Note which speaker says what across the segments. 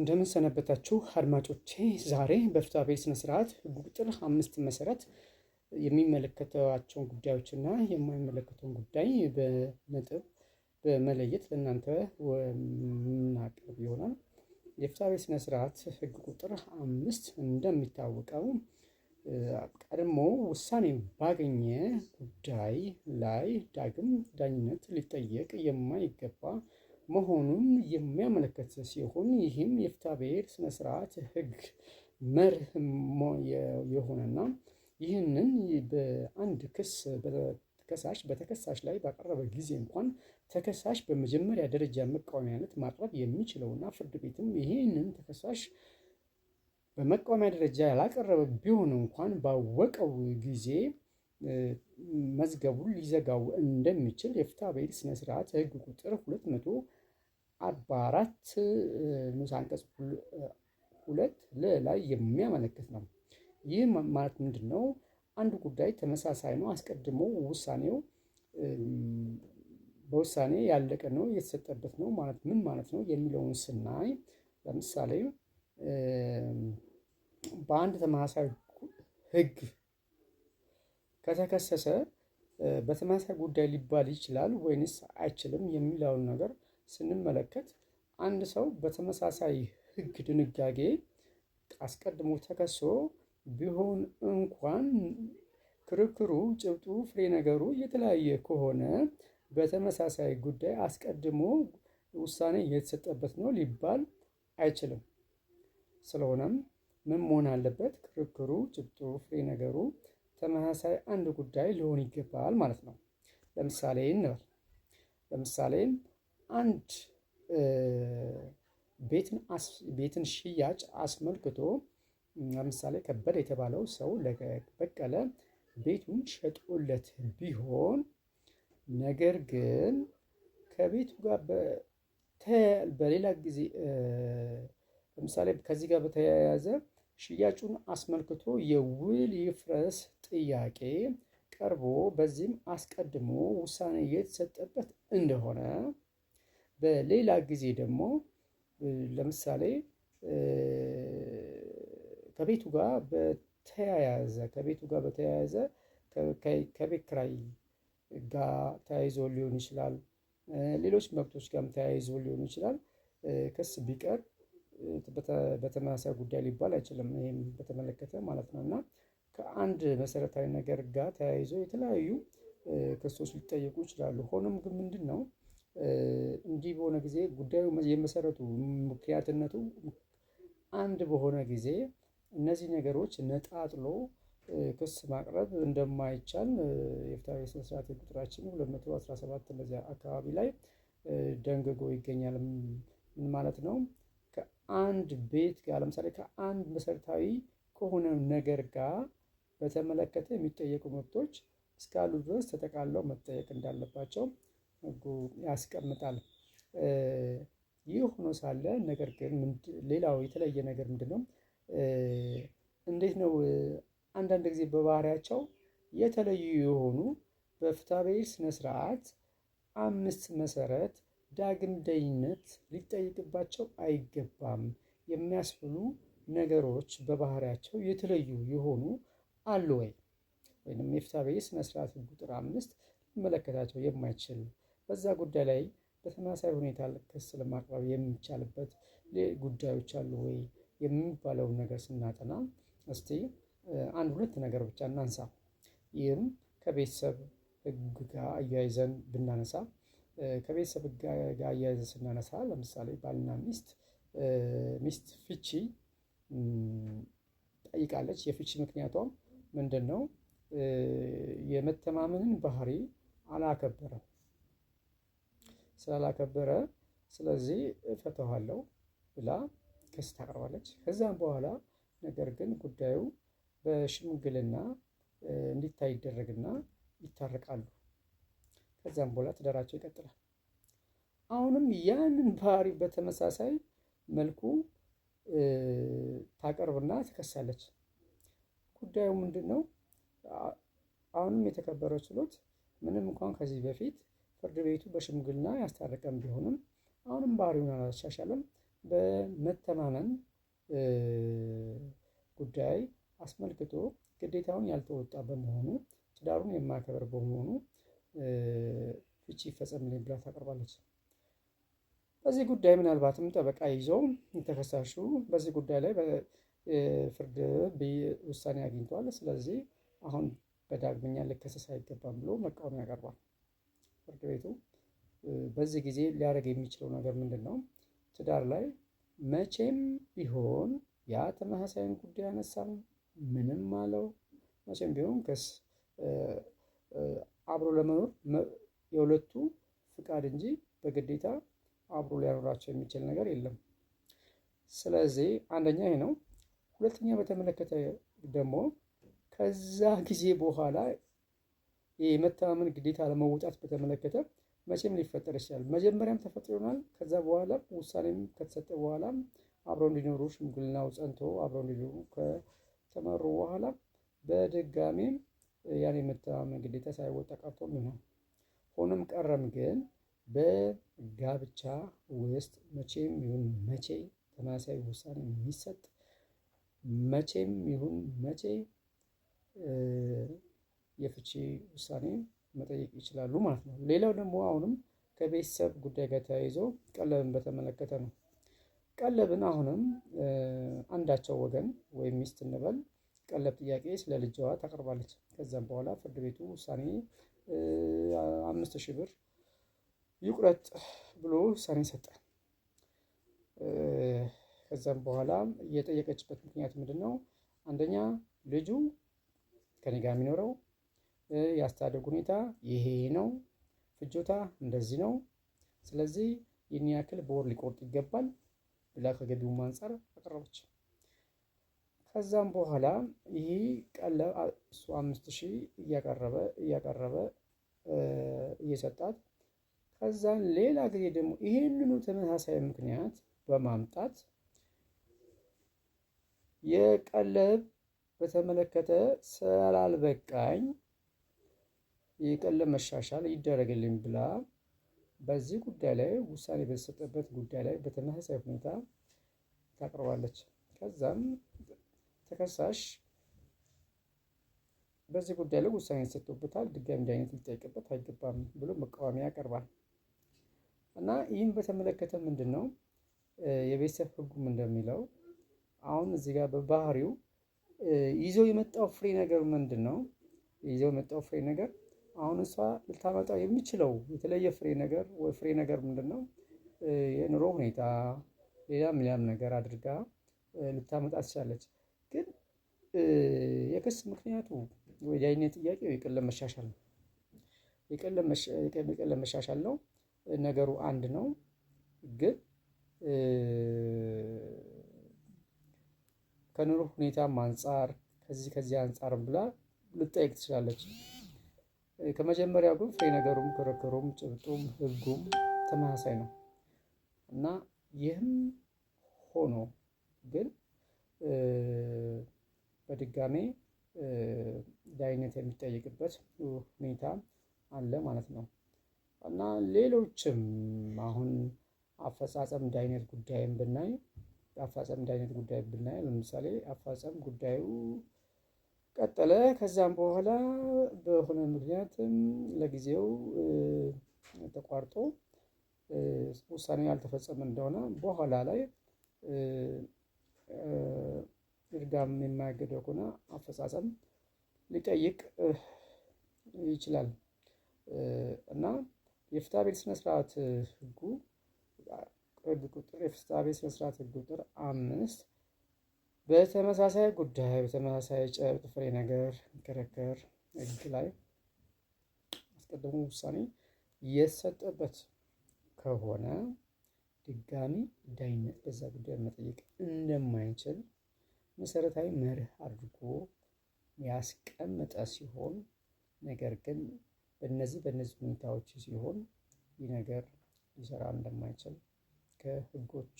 Speaker 1: እንደምንሰነበታችሁ አድማጮቼ፣ ዛሬ በፍትሐ ብሔር ስነ ስርዓት ቁጥር አምስት መሰረት ጉዳዮች ጉዳዮችና የማይመለከተውን ጉዳይ በነጥብ በመለየት ለእናንተ የምናቀርብ ይሆናል። የፍትሐ ብሔር ስነ ስርዓት ህግ ቁጥር አምስት እንደሚታወቀው ቀድሞ ውሳኔ ባገኘ ጉዳይ ላይ ዳግም ዳኝነት ሊጠየቅ የማይገባ መሆኑን የሚያመለክት ሲሆን ይህም የፍትሐብሔር ስነ ስርዓት ህግ መርህ የሆነና ይህንን በአንድ ክስ ከሳሽ በተከሳሽ ላይ ባቀረበ ጊዜ እንኳን ተከሳሽ በመጀመሪያ ደረጃ መቃወሚያነት ማቅረብ የሚችለውና ፍርድ ቤትም ይህንን ተከሳሽ በመቃወሚያ ደረጃ ያላቀረበ ቢሆን እንኳን ባወቀው ጊዜ መዝገቡን ሊዘጋው እንደሚችል የፍትሐ ብሔር ስነ ስርዓት ህግ ቁጥር 244 መቶ ንዑስ አንቀጽ ሁለት ለላይ የሚያመለክት ነው። ይህ ማለት ምንድን ነው? አንድ ጉዳይ ተመሳሳይ ነው፣ አስቀድሞ ውሳኔው በውሳኔ ያለቀ ነው፣ የተሰጠበት ነው ማለት ምን ማለት ነው የሚለውን ስናይ ለምሳሌ በአንድ ተመሳሳይ ህግ ከተከሰሰ በተመሳሳይ ጉዳይ ሊባል ይችላል ወይንስ አይችልም የሚለውን ነገር ስንመለከት አንድ ሰው በተመሳሳይ ሕግ ድንጋጌ አስቀድሞ ተከሶ ቢሆን እንኳን ክርክሩ፣ ጭብጡ፣ ፍሬ ነገሩ የተለያየ ከሆነ በተመሳሳይ ጉዳይ አስቀድሞ ውሳኔ የተሰጠበት ነው ሊባል አይችልም። ስለሆነም ምን መሆን አለበት? ክርክሩ፣ ጭብጡ፣ ፍሬ ነገሩ ተመሳሳይ አንድ ጉዳይ ሊሆን ይገባል ማለት ነው። ለምሳሌ እንበል ለምሳሌ አንድ ቤትን ሽያጭ አስመልክቶ ለምሳሌ ከበደ የተባለው ሰው ለበቀለ ቤቱን ሸጦለት ቢሆን ነገር ግን ከቤቱ ጋር በሌላ ጊዜ ለምሳሌ ከዚህ ጋር በተያያዘ ሽያጩን አስመልክቶ የውል ይፍረስ ጥያቄ ቀርቦ በዚህም አስቀድሞ ውሳኔ የተሰጠበት እንደሆነ በሌላ ጊዜ ደግሞ ለምሳሌ ከቤቱ ጋር በተያያዘ ከቤቱ ጋር በተያያዘ ከቤት ኪራይ ጋር ተያይዞ ሊሆን ይችላል። ሌሎች መብቶች ጋርም ተያይዞ ሊሆን ይችላል። ክስ ቢቀርብ በተመሳሳይ ጉዳይ ሊባል አይችልም። ይህም በተመለከተ ማለት ነው እና ከአንድ መሰረታዊ ነገር ጋር ተያይዞ የተለያዩ ክሶች ሊጠየቁ ይችላሉ። ሆኖም ግን ምንድን ነው እንዲህ በሆነ ጊዜ ጉዳዩ የመሰረቱ ምክንያትነቱ አንድ በሆነ ጊዜ እነዚህ ነገሮች ነጣጥሎ ክስ ማቅረብ እንደማይቻል የፍትሐ ብሔር ቁጥራችን 217 መቶ አካባቢ ላይ ደንግጎ ይገኛል። ምን ማለት ነው? ከአንድ ቤት ጋር ለምሳሌ ከአንድ መሰረታዊ ከሆነ ነገር ጋር በተመለከተ የሚጠየቁ መብቶች እስካሉ ድረስ ተጠቃለው መጠየቅ እንዳለባቸው ያስቀምጣል። ይህ ሆኖ ሳለ ነገር ግን ሌላው የተለየ ነገር ምንድነው? እንዴት ነው አንዳንድ ጊዜ በባህሪያቸው የተለዩ የሆኑ በፍትሐብሔር ስነ ስርዓት አምስት መሰረት ዳግም ደይነት ሊጠይቅባቸው አይገባም የሚያስብሉ ነገሮች በባህሪያቸው የተለዩ የሆኑ አሉ ወይ? ወይም የፍትሐብሔር ሥነ ህግ ቁጥር አምስት ሊመለከታቸው የማይችል በዛ ጉዳይ ላይ በተመሳሳይ ሁኔታ ክስ ለማቅረብ የሚቻልበት ጉዳዮች አሉ ወይ የሚባለውን ነገር ስናጠና እስቲ አንድ ሁለት ነገር ብቻ እናንሳ። ይህም ከቤተሰብ ህግ ጋር አያይዘን ብናነሳ ከቤተሰብ ጋር አያይዘን ስናነሳ ለምሳሌ ባልና ሚስት ሚስት ፍቺ ጠይቃለች። የፍቺ ምክንያቷም ምንድን ነው? የመተማመንን ባህሪ አላከበረም። ስላላከበረ ስለዚህ እፈታዋለሁ ብላ ክስ ታቀርባለች። ከዛም በኋላ ነገር ግን ጉዳዩ በሽምግልና እንዲታይ ይደረግና ይታረቃሉ። ከዚያም በኋላ ትዳራቸው ይቀጥላል። አሁንም ያንን ባህሪ በተመሳሳይ መልኩ ታቀርብና ትከሳለች። ጉዳዩ ምንድን ነው? አሁንም የተከበረው ችሎት ምንም እንኳን ከዚህ በፊት ፍርድ ቤቱ በሽምግልና ያስታረቀም ቢሆንም አሁንም ባህሪውን አላሻሻለም። በመተማመን ጉዳይ አስመልክቶ ግዴታውን ያልተወጣ በመሆኑ ትዳሩን የማያከብር በመሆኑ ፍቺ ይፈጸምልኝ ብላ ታቀርባለች። በዚህ ጉዳይ ምናልባትም ጠበቃ ይዘው ተከሳሹ በዚህ ጉዳይ ላይ ፍርድ ውሳኔ አግኝተዋል፣ ስለዚህ አሁን በዳግመኛ ልከሰስ አይገባም ብሎ መቃወም ያቀርባል። ፍርድ ቤቱ በዚህ ጊዜ ሊያደርግ የሚችለው ነገር ምንድን ነው? ትዳር ላይ መቼም ቢሆን ያ ተመሳሳይን ጉዳይ አነሳም ምንም አለው መቼም ቢሆን ክስ አብሮ ለመኖር የሁለቱ ፍቃድ እንጂ በግዴታ አብሮ ሊያኖራቸው የሚችል ነገር የለም። ስለዚህ አንደኛ ይሄ ነው። ሁለተኛ በተመለከተ ደግሞ ከዛ ጊዜ በኋላ የመተማመን ግዴታ ለመውጣት በተመለከተ መቼም ሊፈጠር ይችላል። መጀመሪያም ተፈጥሮ ይሆናል። ከዛ በኋላ ውሳኔም ከተሰጠ በኋላ አብረው እንዲኖሩ ሽምግልናው ጸንቶ አብረው እንዲኖሩ ከተመሩ በኋላ በድጋሚ ያን የመተማመን ግዴታ ሳይወጣ ቀርቶ ሆኖም ቀረም ግን በጋብቻ ውስጥ መቼም ይሁን መቼ ተመሳሳይ ውሳኔ የሚሰጥ መቼም ይሁን መቼ የፍቺ ውሳኔ መጠየቅ ይችላሉ ማለት ነው። ሌላው ደግሞ አሁንም ከቤተሰብ ጉዳይ ጋር ተያይዞ ቀለብን በተመለከተ ነው። ቀለብን አሁንም አንዳቸው ወገን ወይም ሚስት እንበል ቀለብ ጥያቄ ስለ ልጅዋ ታቀርባለች። ከዛም በኋላ ፍርድ ቤቱ ውሳኔ አምስት ሺህ ብር ይቁረጥ ብሎ ውሳኔ ሰጠ። ከዛም በኋላ እየጠየቀችበት ምክንያት ምንድን ነው? አንደኛ ልጁ ከኔ ጋር የሚኖረው ያስተዳደግ ሁኔታ ይሄ ነው፣ ፍጆታ እንደዚህ ነው። ስለዚህ ይህን ያክል በወር ሊቆርጥ ይገባል ብላ ከገቢውም አንጻር አቀረበች። ከዛም በኋላ ይህ ቀለብ እሱ አምስት ሺህ እያቀረበ እያቀረበ እየሰጣት ከዛን ሌላ ጊዜ ደግሞ ይህንኑ ተመሳሳይ ምክንያት በማምጣት የቀለብ በተመለከተ ስላልበቃኝ የቀለብ መሻሻል ይደረግልኝ ብላ በዚህ ጉዳይ ላይ ውሳኔ በተሰጠበት ጉዳይ ላይ በተመሳሳይ ሁኔታ ታቀርባለች። ከዛም ተከሳሽ በዚህ ጉዳይ ላይ ውሳኔ ሰጥቶበታል፣ ድጋሚ እንዲህ ሊጠይቅበት አይገባም ብሎ መቃወሚያ ያቀርባል እና ይህም በተመለከተ ምንድን ነው የቤተሰብ ህጉም እንደሚለው አሁን እዚህ ጋር በባህሪው ይዘው የመጣው ፍሬ ነገር ምንድን ነው? ይዘው የመጣው ፍሬ ነገር አሁን እሷ ልታመጣው የሚችለው የተለየ ፍሬ ነገር ወይ ፍሬ ነገር ምንድን ነው? የኑሮ ሁኔታ ሌላም ሌላም ነገር አድርጋ ልታመጣ ትችላለች። የክስ ምክንያቱ የዳኝነት ጥያቄ የቀለም መሻሻል ነው። የቀለም መሻሻል ነው። ነገሩ አንድ ነው፣ ግን ከኑሮ ሁኔታም አንጻር ከዚህ ከዚህ አንጻርም ብላ ልጠይቅ ትችላለች። ከመጀመሪያው ግን ፍሬ ነገሩም ክርክሩም ጭብጡም ህጉም ተመሳሳይ ነው እና ይህም ሆኖ ግን በድጋሜ ዳይነት የሚጠይቅበት ሁኔታ አለ ማለት ነው። እና ሌሎችም አሁን አፈጻጸም ዳይነት ጉዳይም ብናይ አፈጻጸም ዳይነት ጉዳይ ብናይ ለምሳሌ አፈጻጸም ጉዳዩ ቀጠለ። ከዛም በኋላ በሆነ ምክንያትም ለጊዜው ተቋርጦ ውሳኔ ያልተፈጸመ እንደሆነ በኋላ ላይ ድጋም የማያገደው ከሆነ አፈጻጸም ሊጠይቅ ይችላል እና የፍትሐ ቤት ስነስርዓት ህጉ ህግ ቁጥር የፍትሐ ቤት ስነስርዓት ህግ ቁጥር አምስት በተመሳሳይ ጉዳይ በተመሳሳይ ጨብጥ ፍሬ ነገር ክርክር ህግ ላይ አስቀድሞ ውሳኔ የሰጠበት ከሆነ ድጋሚ ዳኝነት በዛ ጉዳይ መጠየቅ እንደማይችል መሰረታዊ መርህ አድርጎ ያስቀመጠ ሲሆን ነገር ግን በነዚህ በነዚህ ሁኔታዎች ሲሆን ይህ ነገር ሊሰራ እንደማይችል ከህጎች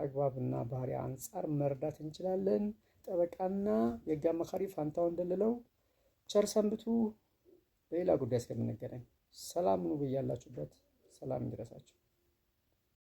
Speaker 1: አግባብና ባህሪ አንጻር መረዳት እንችላለን። ጠበቃና የህግ አማካሪ ፋንታው እንደልለው ቸር ሰንብቱ። በሌላ ጉዳይ እስከምንገናኝ ሰላም ሁኑ። በያላችሁበት ሰላም ይድረሳችሁ።